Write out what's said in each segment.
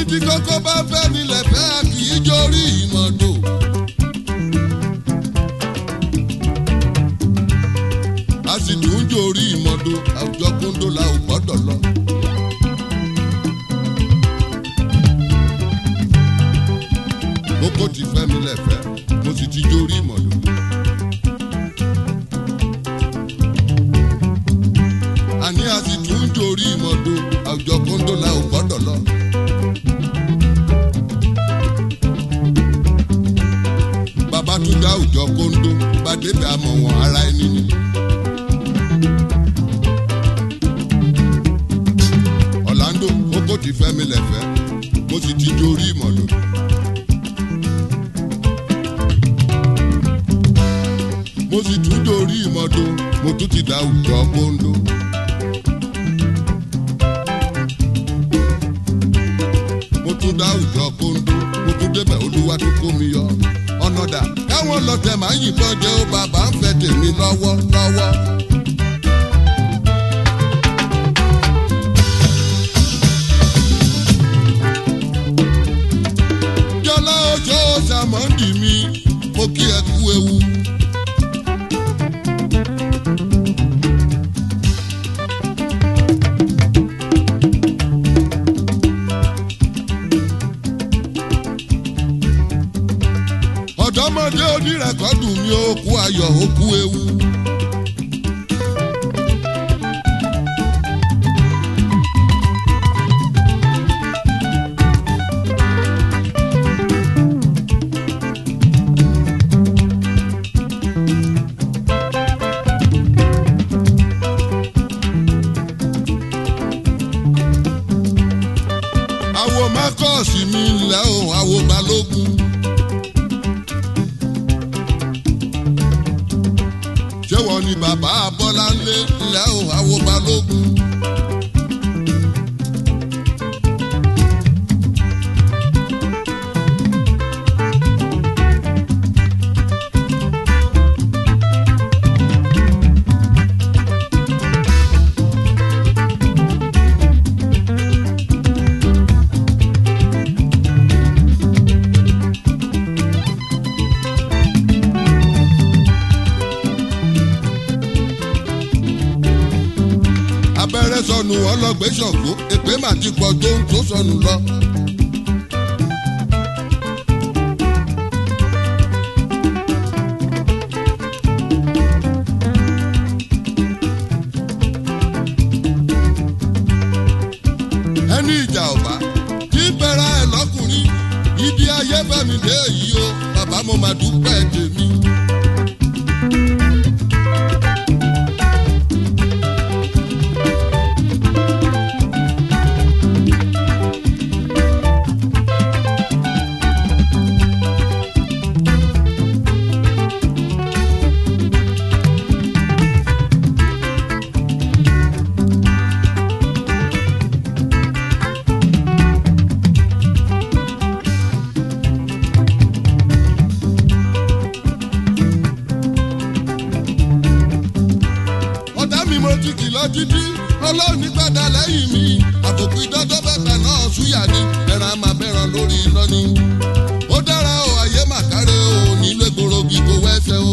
ibi tí kókó bá fẹ́ nílẹ̀ fẹ́ kì í jórí ìmọ̀dò. a sì tún jórí ìmọ̀dò àwùjọ kúndó la ò gbọ́dọ̀ lọ. kókó ti fẹ́ mi lẹ̀fẹ́ mo sì ti jórí ìmọ̀dò. Akíjọ àwùjọ kóńdó gbàdébẹ̀ àmọ̀wọ̀n ara ẹni ni. Ọ̀làǹdó oko ti fẹ́ mi lẹ̀fẹ́ mo sì ti dorí ìmọ̀lò. mo sì tún dorí ìmọ̀dó mo tún ti dàwùjọ kóńdó. jẹ màá yìnbọn jẹ ó bàbá ń fẹ́ tèmi lọ́wọ́ lọ́wọ́. sọnù ọlọ́gbẹ́ ṣọ̀gbó èpè mà ti pọ̀ tó ń tó sọnù lọ. ẹni ìjà ọba kí pẹ̀ra ẹ̀ lọ́kùnrin ibi ayé bẹ̀mí dé yìí o bàbá mo máa dúpẹ́ tèmi. ti kìlọ̀ títí ọlọ́run ní gbọ́dọ̀ lẹ́yìn mi àtòkù ìdọ́dọ́ bàtà náà súyà ni ẹran máa bẹ̀ràn lórí iná ni. ó dára o ayé màkàrẹ́ o nílò egbòrogi kò wẹ́sẹ̀ o.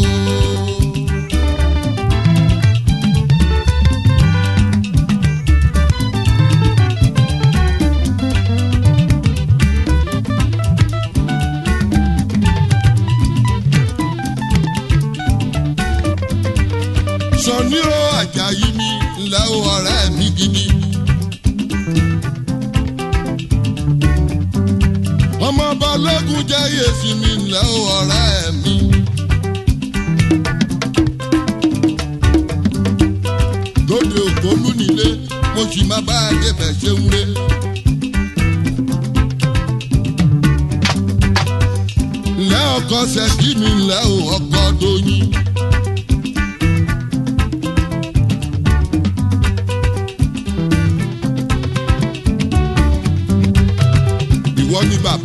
ọ̀rẹ́ mi gidi. ọmọ balógun jẹ́ yèsí mi lẹ́ ọ̀rẹ́ mi. lóde òkòlù nílé mo sì máa bá a débẹ̀ ṣeun re. lẹ́ ọkọ ṣẹ́kí mi lẹ́ ọkọ Doyin.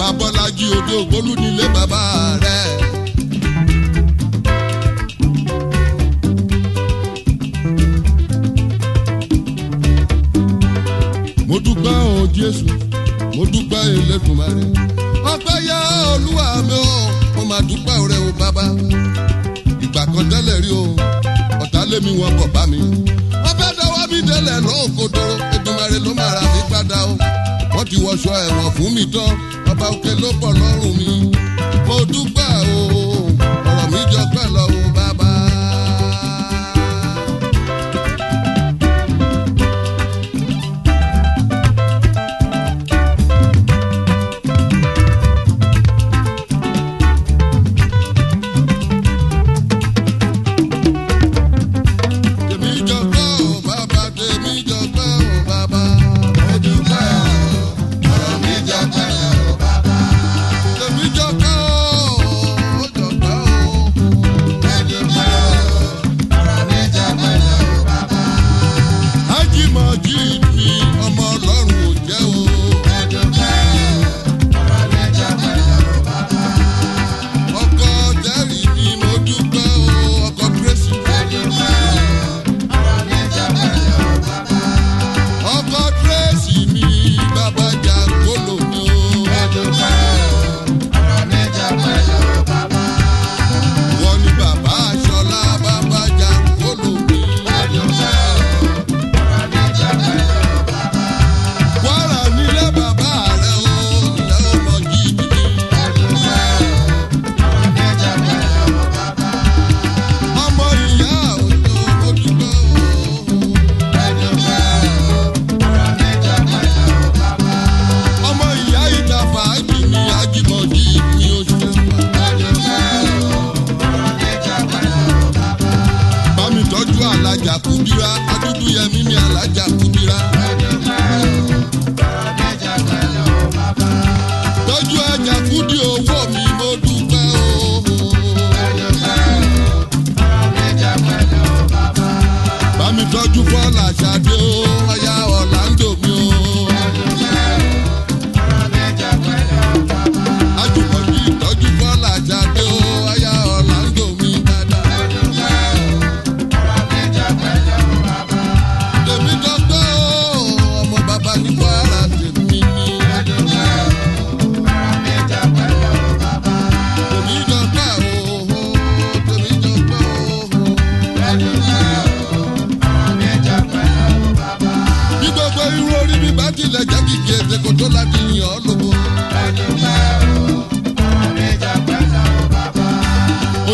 bàbá Bọ́lájí odò Ògbólú nílé bàbá rẹ̀. mo dúpẹ́ o Jésù mo dúpẹ́ Elédùmarè ọpẹ́ yá Olúwa mi o mo máa dúpẹ́ rẹ o bàbá ìgbà kan tẹ́lẹ̀ rí o ọ̀tá lémi wọn kọ̀ bá mi ọbẹ̀ dáwọ́ mi délẹ̀ lọ́wọ́ kò dọ̀rọ̀ Èdùmarè ló máa rà mi padà o wọ́n ti wọṣọ ẹ̀wọ̀n fún mi tán ọba òkè ló pọ̀ lọ́rùn mi mo dúpẹ́ o ọ̀rọ̀ mi jọ pẹ́ lọ́wọ́.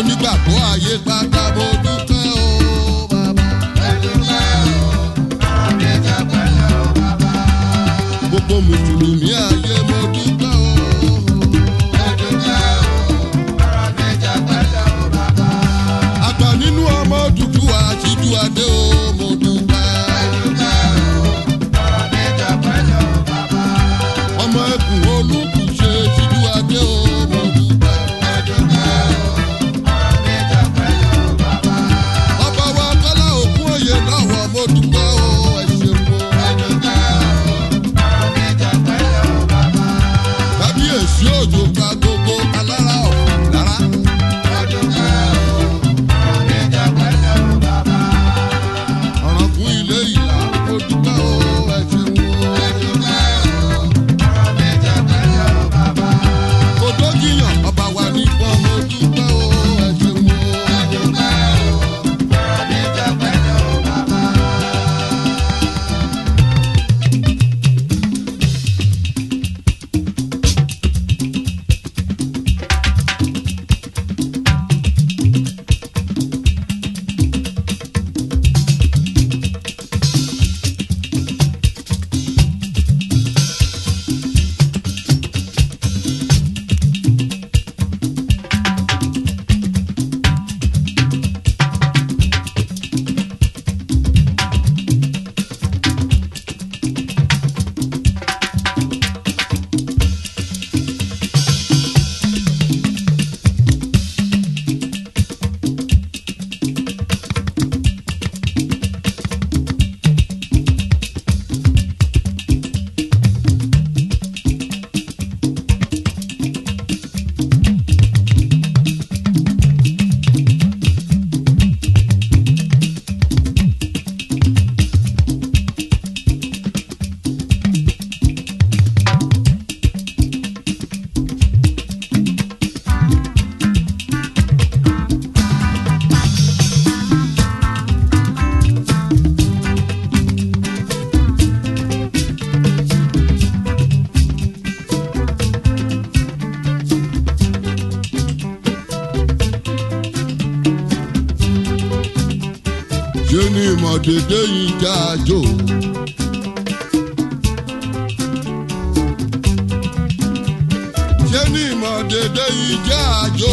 onígbàgbọ́ ayé pátá mo dúró. dédé ìjà àjò. ṣé ní ìmọ̀ dédé ìjà àjò.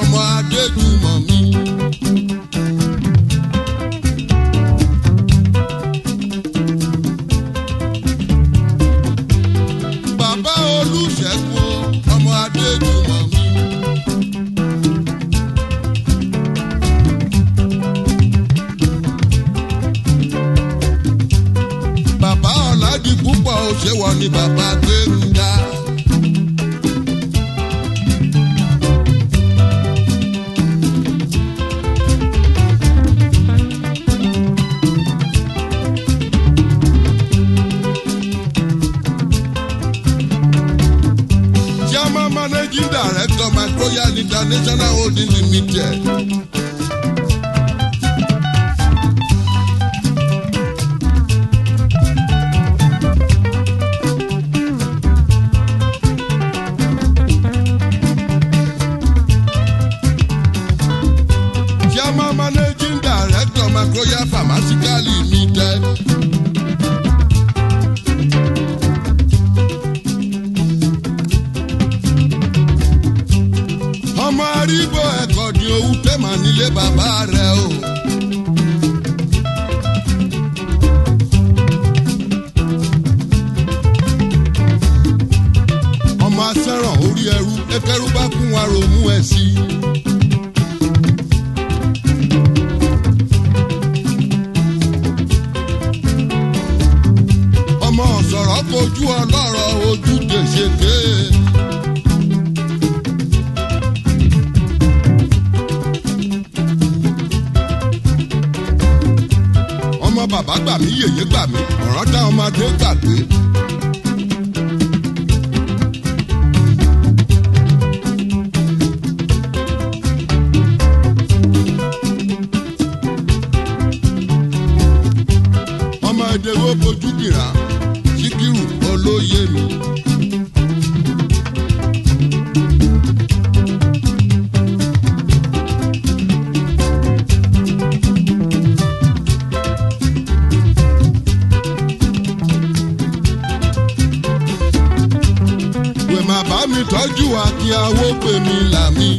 ọmọ adéjúmọ̀ mi. bàbá olùṣègùn ọmọ adéjúmọ̀ mi. bàbá ọ̀làdì púpọ̀ òṣèwọ̀ ni bàbá gbé nation Onírà Síkírù Olóyèmí. wẹ̀ má mi tọ́jú wa kí awó pè mí làmí.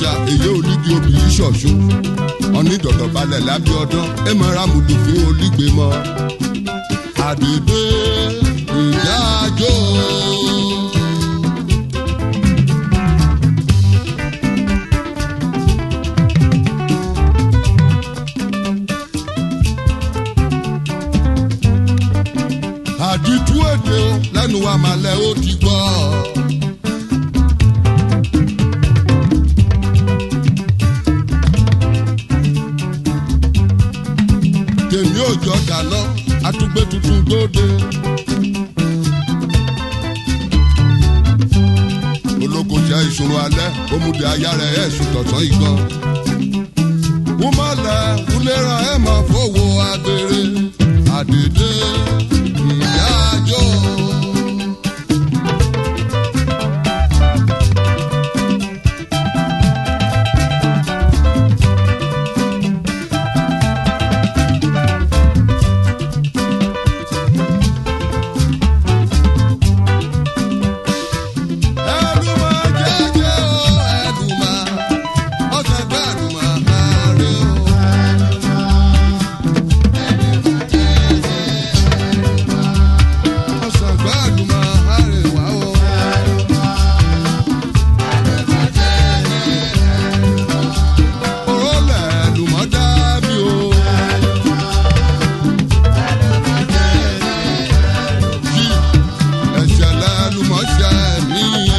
ọjà èyí onígi obì yìí ṣọ̀ṣọ́ onídọ̀dọ̀ balẹ̀ lábẹ́ ọdún ẹ mọ ramùdù fún olígbe mọ́. àdìdé àdìtú èdè lẹ́nu wa màlẹ́ ó ti gbọ́. olódò. olóko jẹ́ ìṣòro alẹ́ òmùdé aya rẹ̀ ẹ̀sùn tọ̀tàn ìgbọ́n. wúmọ̀lẹ̀ fúlẹ́ra ẹ̀ máa fowó agbèrè àdèdè ìyá àjò. àlùmọ̀ṣẹ́ mi.